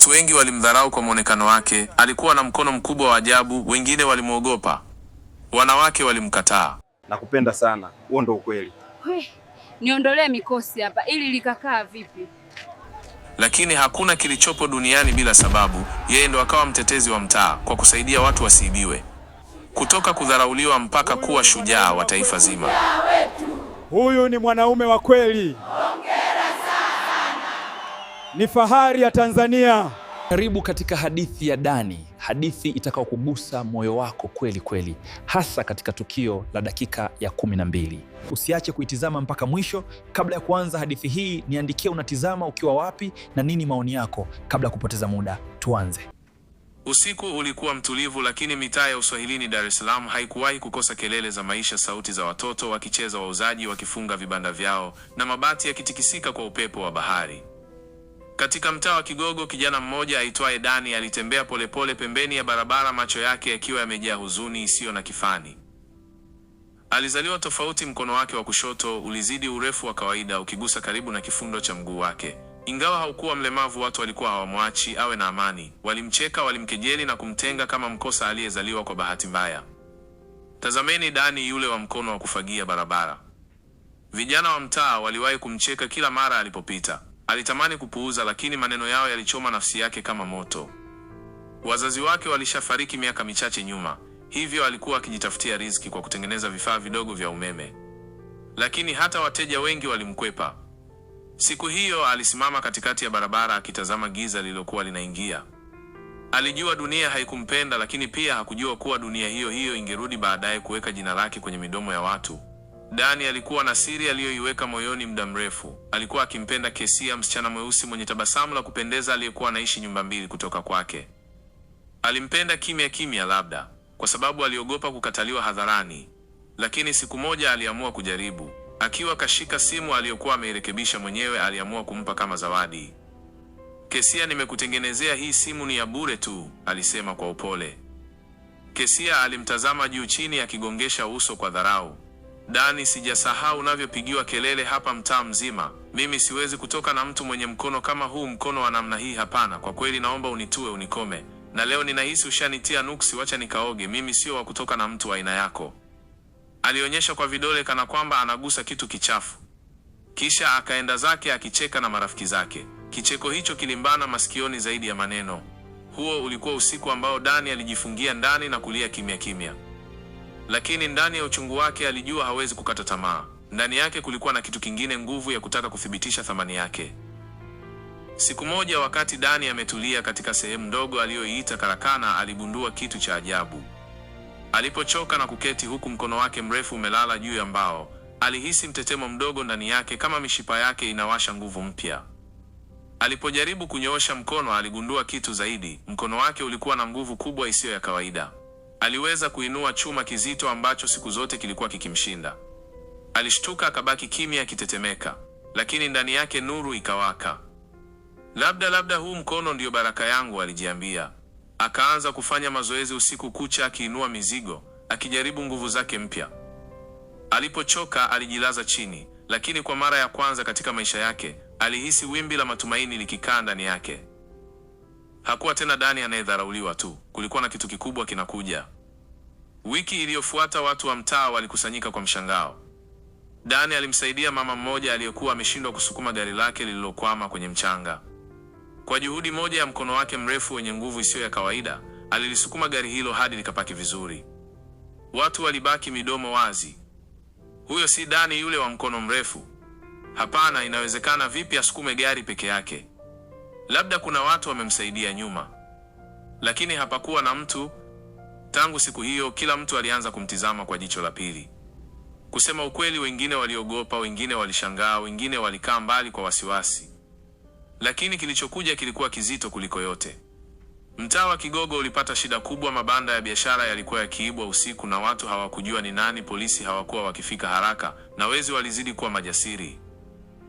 Watu wengi walimdharau kwa mwonekano wake, alikuwa na mkono mkubwa wa ajabu, wengine walimwogopa, wanawake walimkataa. Nakupenda sana, huo ndo ukweli. Niondolee mikosi hapa, ili likakaa vipi? Lakini hakuna kilichopo duniani bila sababu. Yeye ndo akawa mtetezi wa mtaa kwa kusaidia watu wasiibiwe, kutoka kudharauliwa mpaka kuwa shujaa wa taifa zima. Huyu ni mwanaume wa kweli ni fahari ya Tanzania. Karibu katika hadithi ya Dani, hadithi itakayokugusa moyo wako kweli kweli, hasa katika tukio la dakika ya kumi na mbili. Usiache kuitizama mpaka mwisho. Kabla ya kuanza hadithi hii, niandikie unatizama ukiwa wapi na nini maoni yako. Kabla ya kupoteza muda, tuanze. Usiku ulikuwa mtulivu, lakini mitaa ya uswahilini Dar es Salaam haikuwahi kukosa kelele za maisha, sauti za watoto wakicheza, wauzaji wakifunga vibanda vyao, na mabati yakitikisika kwa upepo wa bahari. Katika mtaa wa Kigogo, kijana mmoja aitwaye Dani alitembea polepole pembeni ya barabara, macho yake yakiwa yamejaa huzuni isiyo na kifani. Alizaliwa tofauti, mkono wake wa kushoto ulizidi urefu wa kawaida, ukigusa karibu na kifundo cha mguu wake. Ingawa haukuwa mlemavu, watu walikuwa hawamwachi awe na amani. Walimcheka, walimkejeli na kumtenga kama mkosa aliyezaliwa kwa bahati mbaya. Tazameni Dani yule wa mkono wa kufagia barabara. Vijana wa mtaa waliwahi kumcheka kila mara alipopita. Alitamani kupuuza, lakini maneno yao yalichoma nafsi yake kama moto. Wazazi wake walishafariki miaka michache nyuma, hivyo alikuwa akijitafutia riziki kwa kutengeneza vifaa vidogo vya umeme, lakini hata wateja wengi walimkwepa. Siku hiyo alisimama katikati ya barabara akitazama giza lililokuwa linaingia. Alijua dunia haikumpenda, lakini pia hakujua kuwa dunia hiyo hiyo ingerudi baadaye kuweka jina lake kwenye midomo ya watu. Dani alikuwa na siri aliyoiweka moyoni muda mrefu. Alikuwa akimpenda Kesia, msichana mweusi mwenye tabasamu la kupendeza aliyekuwa anaishi nyumba mbili kutoka kwake. Alimpenda kimya kimya, labda kwa sababu aliogopa kukataliwa hadharani. Lakini siku moja aliamua kujaribu. Akiwa kashika simu aliyokuwa ameirekebisha mwenyewe, aliamua kumpa kama zawadi. Kesia, nimekutengenezea hii simu, ni ya bure tu, alisema kwa upole. Kesia alimtazama juu chini, akigongesha uso kwa dharau. Dani, sijasahau unavyopigiwa kelele hapa mtaa mzima. Mimi siwezi kutoka na mtu mwenye mkono kama huu, mkono wa namna hii, hapana. Kwa kweli, naomba unitue, unikome. Na leo ninahisi ushanitia nuksi, wacha nikaoge. Mimi sio wa kutoka na mtu wa aina yako. Alionyesha kwa vidole kana kwamba anagusa kitu kichafu, kisha akaenda zake akicheka na marafiki zake. Kicheko hicho kilimbana masikioni zaidi ya maneno. Huo ulikuwa usiku ambao Dani alijifungia ndani na kulia kimya kimya lakini ndani ya uchungu wake alijua hawezi kukata tamaa. Ndani yake kulikuwa na kitu kingine, nguvu ya kutaka kuthibitisha thamani yake. Siku moja, wakati Dani ametulia katika sehemu ndogo aliyoiita karakana, aligundua kitu cha ajabu. Alipochoka na kuketi huku mkono wake mrefu umelala juu ya mbao, alihisi mtetemo mdogo ndani yake, kama mishipa yake inawasha nguvu mpya. Alipojaribu kunyoosha mkono, aligundua kitu zaidi. Mkono wake ulikuwa na nguvu kubwa isiyo ya kawaida. Aliweza kuinua chuma kizito ambacho siku zote kilikuwa kikimshinda. Alishtuka akabaki kimya akitetemeka, lakini ndani yake nuru ikawaka. Labda labda huu mkono ndiyo baraka yangu, alijiambia. Akaanza kufanya mazoezi usiku kucha, akiinua mizigo, akijaribu nguvu zake mpya. Alipochoka alijilaza chini, lakini kwa mara ya kwanza katika maisha yake alihisi wimbi la matumaini likikaa ndani yake. Hakuwa tena Dani anayedharauliwa tu, kulikuwa na kitu kikubwa kinakuja. Wiki iliyofuata watu wa mtaa walikusanyika kwa mshangao. Dani alimsaidia mama mmoja aliyekuwa ameshindwa kusukuma gari lake lililokwama kwenye mchanga. Kwa juhudi moja ya mkono wake mrefu wenye nguvu isiyo ya kawaida, alilisukuma gari hilo hadi likapaki vizuri. Watu walibaki midomo wazi. Huyo si Dani yule wa mkono mrefu. Hapana, inawezekana vipi asukume gari peke yake? Labda kuna watu wamemsaidia nyuma, lakini hapakuwa na mtu. Tangu siku hiyo, kila mtu alianza kumtizama kwa jicho la pili. Kusema ukweli, wengine waliogopa, wengine walishangaa, wengine walikaa mbali kwa wasiwasi, lakini kilichokuja kilikuwa kizito kuliko yote. Mtaa wa Kigogo ulipata shida kubwa. Mabanda ya biashara yalikuwa yakiibwa usiku na watu hawakujua ni nani. Polisi hawakuwa wakifika haraka na wezi walizidi kuwa majasiri.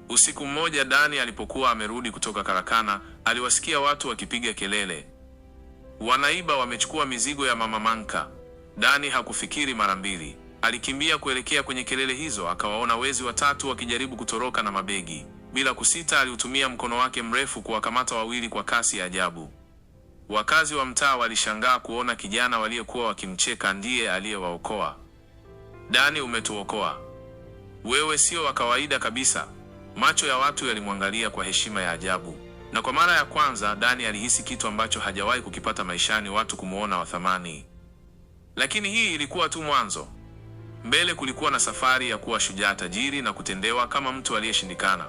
Usiku mmoja, Dani alipokuwa amerudi kutoka karakana, aliwasikia watu wakipiga kelele, wanaiba, wamechukua mizigo ya mama Manka. Dani hakufikiri mara mbili, alikimbia kuelekea kwenye kelele hizo. Akawaona wezi watatu wakijaribu kutoroka na mabegi. Bila kusita, aliutumia mkono wake mrefu kuwakamata wawili kwa kasi ya ajabu. Wakazi wa mtaa walishangaa kuona kijana waliyekuwa wakimcheka ndiye aliyewaokoa. Dani, umetuokoa wewe, sio wa kawaida kabisa. Macho ya watu yalimwangalia kwa heshima ya ajabu na kwa mara ya kwanza Dani alihisi kitu ambacho hajawahi kukipata maishani, watu kumuona wa thamani. Lakini hii ilikuwa tu mwanzo. Mbele kulikuwa na safari ya kuwa shujaa tajiri na kutendewa kama mtu aliyeshindikana.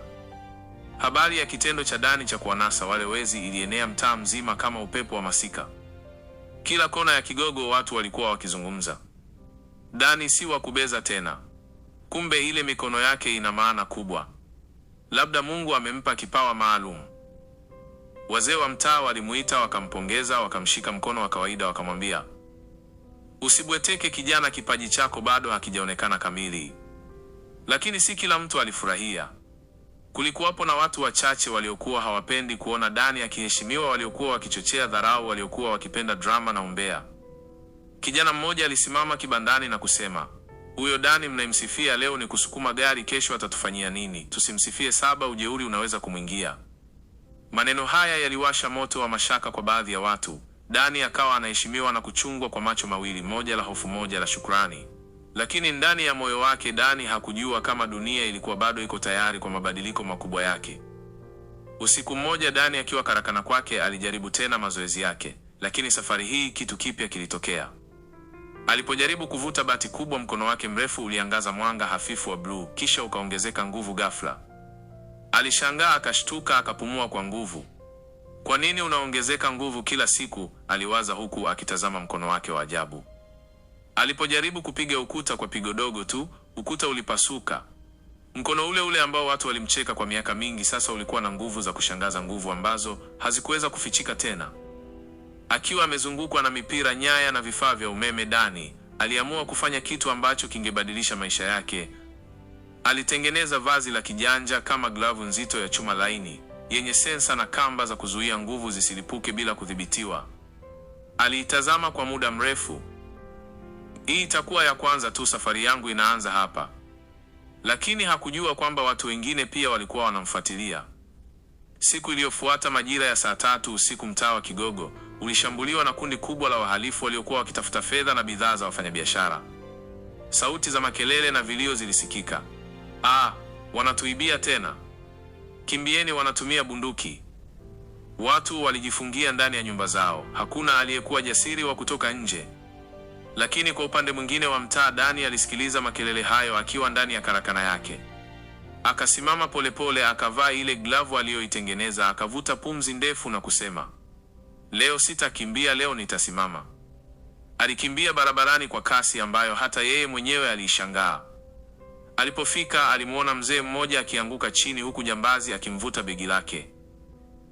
Habari ya kitendo cha Dani cha kuwanasa wale wezi ilienea mtaa mzima kama upepo wa masika. Kila kona ya Kigogo watu walikuwa wakizungumza, Dani si wa kubeza tena, kumbe ile mikono yake ina maana kubwa. Labda Mungu amempa kipawa maalum. Wazee wa mtaa walimuita, wakampongeza, wakamshika mkono wa kawaida, wakamwambia usibweteke kijana, kipaji chako bado hakijaonekana kamili. Lakini si kila mtu alifurahia. Kulikuwapo na watu wachache waliokuwa hawapendi kuona Dani akiheshimiwa, waliokuwa wakichochea dharau, waliokuwa wakipenda drama na umbea. Kijana mmoja alisimama kibandani na kusema, huyo Dani mnaimsifia leo ni kusukuma gari, kesho atatufanyia nini? Tusimsifie saba, ujeuri unaweza kumwingia. Maneno haya yaliwasha moto wa mashaka kwa baadhi ya watu. Dani akawa anaheshimiwa na kuchungwa kwa macho mawili, moja la hofu, moja la shukrani. Lakini ndani ya moyo wake Dani hakujua kama dunia ilikuwa bado iko tayari kwa mabadiliko makubwa yake. Usiku mmoja, Dani akiwa karakana kwake, alijaribu tena mazoezi yake, lakini safari hii kitu kipya kilitokea. Alipojaribu kuvuta bati kubwa, mkono wake mrefu uliangaza mwanga hafifu wa bluu, kisha ukaongezeka nguvu ghafla. Alishangaa, akashtuka, akapumua kwa nguvu. Kwa nini unaongezeka nguvu kila siku? Aliwaza huku akitazama mkono wake wa ajabu. Alipojaribu kupiga ukuta kwa pigo dogo tu, ukuta ulipasuka. Mkono ule ule ambao watu walimcheka kwa miaka mingi sasa ulikuwa na nguvu za kushangaza, nguvu ambazo hazikuweza kufichika tena. Akiwa amezungukwa na mipira, nyaya na vifaa vya umeme, Dani aliamua kufanya kitu ambacho kingebadilisha maisha yake. Alitengeneza vazi la kijanja kama glavu nzito ya chuma laini yenye sensa na kamba za kuzuia nguvu zisilipuke bila kudhibitiwa. Aliitazama kwa muda mrefu. Hii itakuwa ya kwanza tu, safari yangu inaanza hapa. Lakini hakujua kwamba watu wengine pia walikuwa wanamfuatilia. Siku iliyofuata majira ya saa tatu usiku, mtaa wa Kigogo ulishambuliwa na kundi kubwa la wahalifu waliokuwa wakitafuta fedha na bidhaa za wafanyabiashara. Sauti za makelele na vilio zilisikika. Ah, wanatuibia tena! Kimbieni, wanatumia bunduki! Watu walijifungia ndani ya nyumba zao, hakuna aliyekuwa jasiri wa kutoka nje. Lakini kwa upande mwingine wa mtaa, Dani alisikiliza makelele hayo akiwa ndani ya karakana yake. Akasimama polepole, akavaa ile glavu aliyoitengeneza, akavuta pumzi ndefu na kusema, leo sitakimbia, leo nitasimama. Alikimbia barabarani kwa kasi ambayo hata yeye mwenyewe aliishangaa. Alipofika alimwona mzee mmoja akianguka chini, huku jambazi akimvuta begi lake.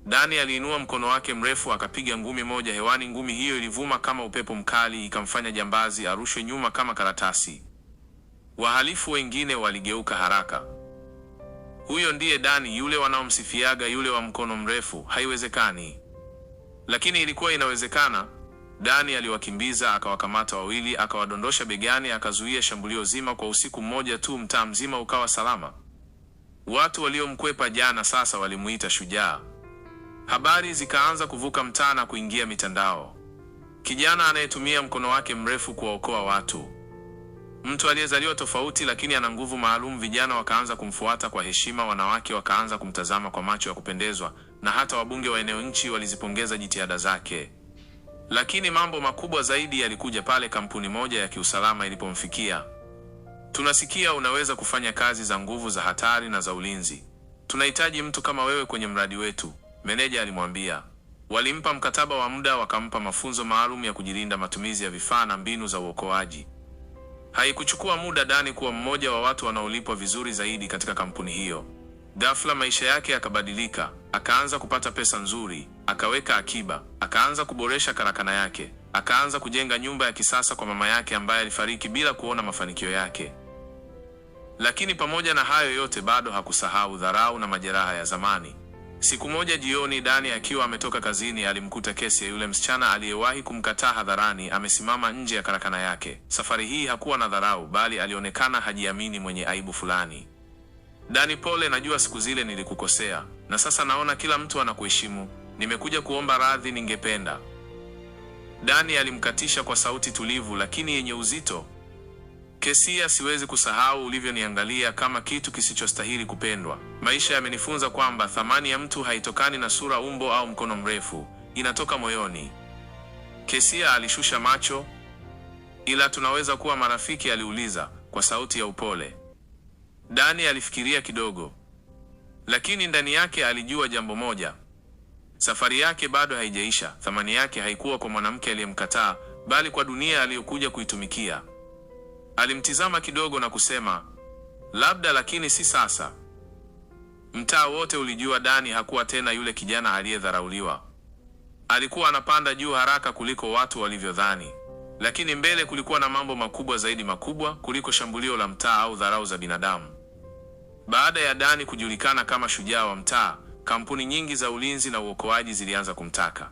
Dani aliinua mkono wake mrefu akapiga ngumi moja hewani. Ngumi hiyo ilivuma kama upepo mkali, ikamfanya jambazi arushwe nyuma kama karatasi. Wahalifu wengine waligeuka haraka. Huyo ndiye Dani yule wanaomsifiaga, yule wa mkono mrefu? Haiwezekani, lakini ilikuwa inawezekana. Dani aliwakimbiza akawakamata wawili, akawadondosha begani, akazuia shambulio zima kwa usiku mmoja tu. Mtaa mzima ukawa salama. Watu waliomkwepa jana sasa walimuita shujaa. Habari zikaanza kuvuka mtaa na kuingia mitandao. Kijana anayetumia mkono wake mrefu kuwaokoa watu, mtu aliyezaliwa tofauti lakini ana nguvu maalum. Vijana wakaanza kumfuata kwa heshima, wanawake wakaanza kumtazama kwa macho ya kupendezwa, na hata wabunge wa eneo nchi walizipongeza jitihada zake. Lakini mambo makubwa zaidi yalikuja pale kampuni moja ya kiusalama ilipomfikia. Tunasikia unaweza kufanya kazi za nguvu za hatari na za ulinzi. Tunahitaji mtu kama wewe kwenye mradi wetu, meneja alimwambia. Walimpa mkataba wa muda, wakampa mafunzo maalum ya kujilinda, matumizi ya vifaa na mbinu za uokoaji. Haikuchukua muda Dani kuwa mmoja wa watu wanaolipwa vizuri zaidi katika kampuni hiyo. Ghafla maisha yake yakabadilika, akaanza kupata pesa nzuri akaweka akiba, akaanza kuboresha karakana yake, akaanza kujenga nyumba ya kisasa kwa mama yake ambaye alifariki bila kuona mafanikio yake. Lakini pamoja na hayo yote, bado hakusahau dharau na majeraha ya zamani. Siku moja jioni, Dani akiwa ametoka kazini, alimkuta kesi ya yule msichana aliyewahi kumkataa hadharani amesimama nje ya karakana yake. Safari hii hakuwa na dharau, bali alionekana hajiamini, mwenye aibu fulani. Dani, pole, najua siku zile nilikukosea, na sasa naona kila mtu anakuheshimu nimekuja kuomba radhi, ningependa. Dani alimkatisha kwa sauti tulivu lakini yenye uzito. Kesia, siwezi kusahau ulivyoniangalia kama kitu kisichostahili kupendwa. Maisha yamenifunza kwamba thamani ya mtu haitokani na sura, umbo au mkono mrefu, inatoka moyoni. Kesia alishusha macho. Ila tunaweza kuwa marafiki? aliuliza kwa sauti ya upole. Dani alifikiria kidogo, lakini ndani yake alijua jambo moja: Safari yake bado haijaisha. Thamani yake haikuwa kwa mwanamke aliyemkataa, bali kwa dunia aliyokuja kuitumikia. Alimtizama kidogo na kusema, labda, lakini si sasa. Mtaa wote ulijua Dani hakuwa tena yule kijana aliyedharauliwa. Alikuwa anapanda juu haraka kuliko watu walivyodhani, lakini mbele kulikuwa na mambo makubwa zaidi, makubwa kuliko shambulio la mtaa au dharau za binadamu. Baada ya Dani kujulikana kama shujaa wa mtaa kampuni nyingi za ulinzi na uokoaji zilianza kumtaka.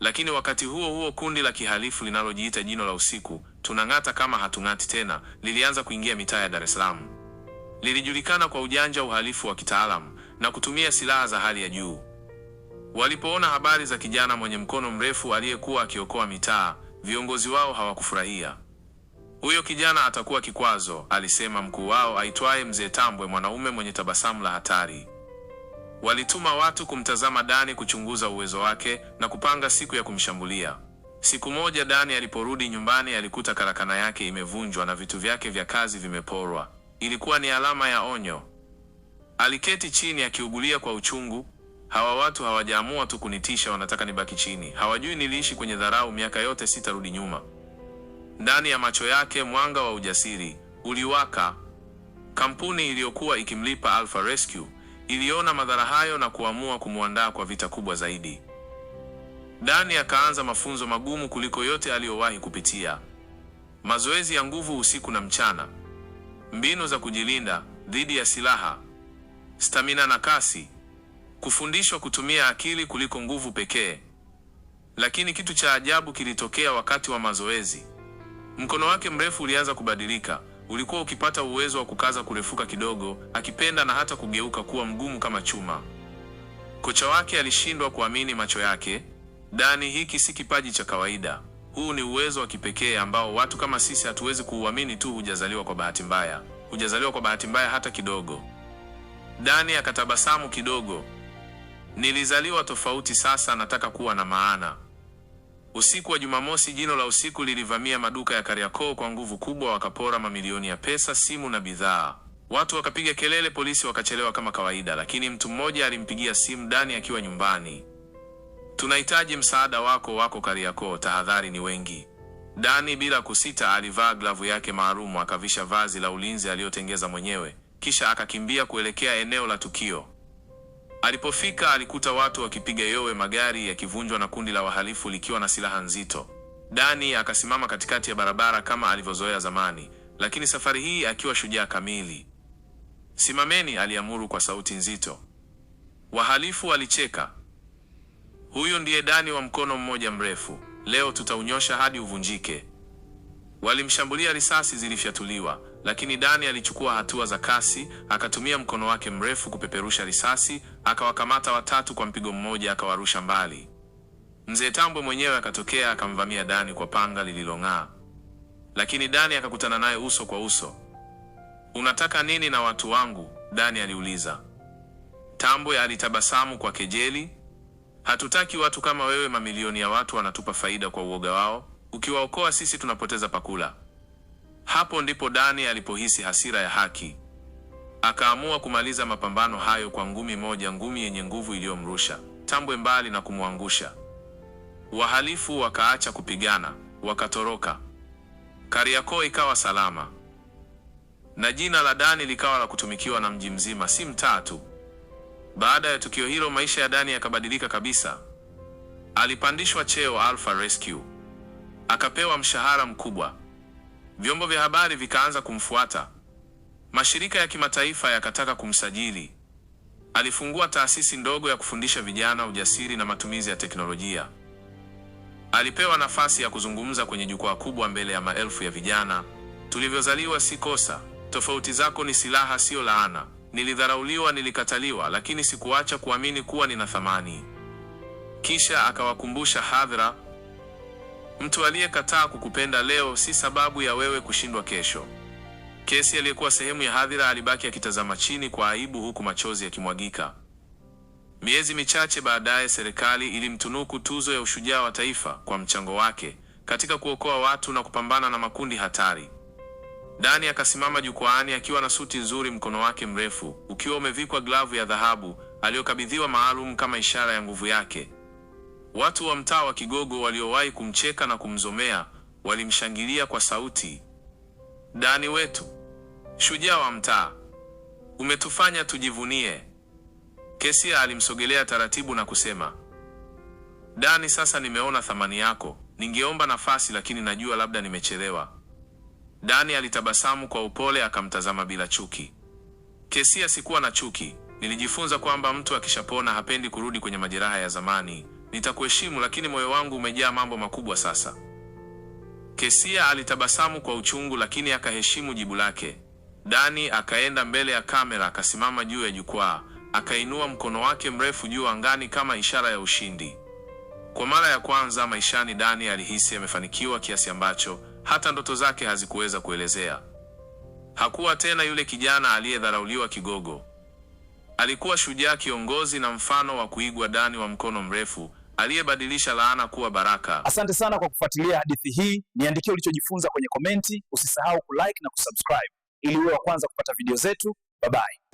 Lakini wakati huo huo, kundi la kihalifu linalojiita Jino la Usiku, tunang'ata kama hatung'ati tena, lilianza kuingia mitaa ya Dar es Salaam. Lilijulikana kwa ujanja, uhalifu wa kitaalamu na kutumia silaha za hali ya juu. Walipoona habari za kijana mwenye mkono mrefu aliyekuwa akiokoa mitaa, viongozi wao hawakufurahia. Huyo kijana atakuwa kikwazo, alisema mkuu wao aitwaye Mzee Tambwe, mwanaume mwenye tabasamu la hatari. Walituma watu kumtazama Dani kuchunguza uwezo wake na kupanga siku ya kumshambulia. Siku moja Dani aliporudi nyumbani alikuta karakana yake imevunjwa na vitu vyake vya kazi vimeporwa. Ilikuwa ni alama ya onyo. Aliketi chini akiugulia kwa uchungu. Hawa watu hawajaamua tu kunitisha, wanataka nibaki chini. Hawajui niliishi kwenye dharau miaka yote, sitarudi nyuma. Ndani ya macho yake mwanga wa ujasiri uliwaka. Kampuni iliyokuwa ikimlipa Alpha Rescue iliona madhara hayo na kuamua kumwandaa kwa vita kubwa zaidi. Dani akaanza mafunzo magumu kuliko yote aliyowahi kupitia: mazoezi ya nguvu usiku na mchana, mbinu za kujilinda dhidi ya silaha, stamina na kasi, kufundishwa kutumia akili kuliko nguvu pekee. Lakini kitu cha ajabu kilitokea wakati wa mazoezi. Mkono wake mrefu ulianza kubadilika, Ulikuwa ukipata uwezo wa kukaza kurefuka kidogo, akipenda na hata kugeuka kuwa mgumu kama chuma. Kocha wake alishindwa kuamini macho yake. Dani, hiki si kipaji cha kawaida. Huu ni uwezo wa kipekee ambao watu kama sisi hatuwezi kuuamini tu. Hujazaliwa kwa bahati mbaya, hujazaliwa kwa bahati mbaya hata kidogo. Dani akatabasamu kidogo. Nilizaliwa tofauti, sasa nataka kuwa na maana. Usiku wa Jumamosi, jino la usiku lilivamia maduka ya Kariakoo kwa nguvu kubwa, wakapora mamilioni ya pesa, simu na bidhaa. Watu wakapiga kelele, polisi wakachelewa kama kawaida, lakini mtu mmoja alimpigia simu Dani akiwa nyumbani. Tunahitaji msaada wako, wako Kariakoo, tahadhari ni wengi. Dani bila kusita alivaa glavu yake maalum, akavisha vazi la ulinzi aliyotengeza mwenyewe, kisha akakimbia kuelekea eneo la tukio. Alipofika alikuta watu wakipiga yowe, magari yakivunjwa na kundi la wahalifu likiwa na silaha nzito. Dani akasimama katikati ya barabara kama alivyozoea zamani, lakini safari hii akiwa shujaa kamili. Simameni, aliamuru kwa sauti nzito. Wahalifu walicheka. Huyu ndiye Dani wa mkono mmoja mrefu, leo tutaunyosha hadi uvunjike. Walimshambulia, risasi zilifyatuliwa, lakini Dani alichukua hatua za kasi, akatumia mkono wake mrefu kupeperusha risasi, akawakamata watatu kwa mpigo mmoja, akawarusha mbali. Mzee Tambwe mwenyewe akatokea akamvamia Dani kwa panga lililong'aa, lakini Dani akakutana naye uso kwa uso. Unataka nini na watu wangu? Dani aliuliza. Tambwe alitabasamu kwa kejeli. Hatutaki watu kama wewe, mamilioni ya watu wanatupa faida kwa uoga wao. Ukiwaokoa sisi tunapoteza pakula. Hapo ndipo Dani alipohisi hasira ya haki. Akaamua kumaliza mapambano hayo kwa ngumi moja, ngumi yenye nguvu iliyomrusha tambwe mbali na kumwangusha. Wahalifu wakaacha kupigana, wakatoroka. Kariakoo ikawa salama, na jina la Dani likawa la kutumikiwa na mji mzima, si mtaa tu. Baada ya tukio hilo, maisha ya Dani yakabadilika kabisa. Alipandishwa cheo Alpha Rescue, akapewa mshahara mkubwa Vyombo vya habari vikaanza kumfuata, mashirika ya kimataifa yakataka kumsajili. Alifungua taasisi ndogo ya kufundisha vijana ujasiri na matumizi ya teknolojia. Alipewa nafasi ya kuzungumza kwenye jukwaa kubwa mbele ya maelfu ya vijana. Tulivyozaliwa si kosa, tofauti zako ni silaha, siyo laana. Nilidharauliwa, nilikataliwa, lakini sikuacha kuamini kuwa nina thamani. Kisha akawakumbusha hadhira Mtu aliyekataa kukupenda leo si sababu ya wewe kushindwa kesho. Kesi aliyekuwa sehemu ya hadhira alibaki akitazama chini kwa aibu, huku machozi yakimwagika. Miezi michache baadaye, serikali ilimtunuku tuzo ya ushujaa wa taifa kwa mchango wake katika kuokoa watu na kupambana na makundi hatari. Dani akasimama jukwaani akiwa na suti nzuri, mkono wake mrefu ukiwa umevikwa glavu ya dhahabu aliyokabidhiwa maalum kama ishara ya nguvu yake. Watu wa mtaa wa Kigogo waliowahi kumcheka na kumzomea walimshangilia kwa sauti, Dani wetu, shujaa wa mtaa, umetufanya tujivunie. Kesia alimsogelea taratibu na kusema, Dani, sasa nimeona thamani yako. Ningeomba nafasi, lakini najua labda nimechelewa. Dani alitabasamu kwa upole, akamtazama bila chuki. Kesia, sikuwa na chuki, nilijifunza kwamba mtu akishapona hapendi kurudi kwenye majeraha ya zamani. Nitakuheshimu, lakini moyo wangu umejaa mambo makubwa sasa. Kesia alitabasamu kwa uchungu, lakini akaheshimu jibu lake. Dani akaenda mbele ya kamera, akasimama juu ya jukwaa, akainua mkono wake mrefu juu angani kama ishara ya ushindi. Kwa mara ya kwanza maishani, Dani alihisi amefanikiwa kiasi ambacho hata ndoto zake hazikuweza kuelezea. Hakuwa tena yule kijana aliyedharauliwa kigogo. Alikuwa shujaa, kiongozi na mfano wa kuigwa. Dani wa mkono mrefu aliyebadilisha laana kuwa baraka. Asante sana kwa kufuatilia hadithi hii. Niandikie ulichojifunza kwenye komenti, usisahau kulike na kusubscribe ili uwe wa kwanza kupata video zetu. Bye bye.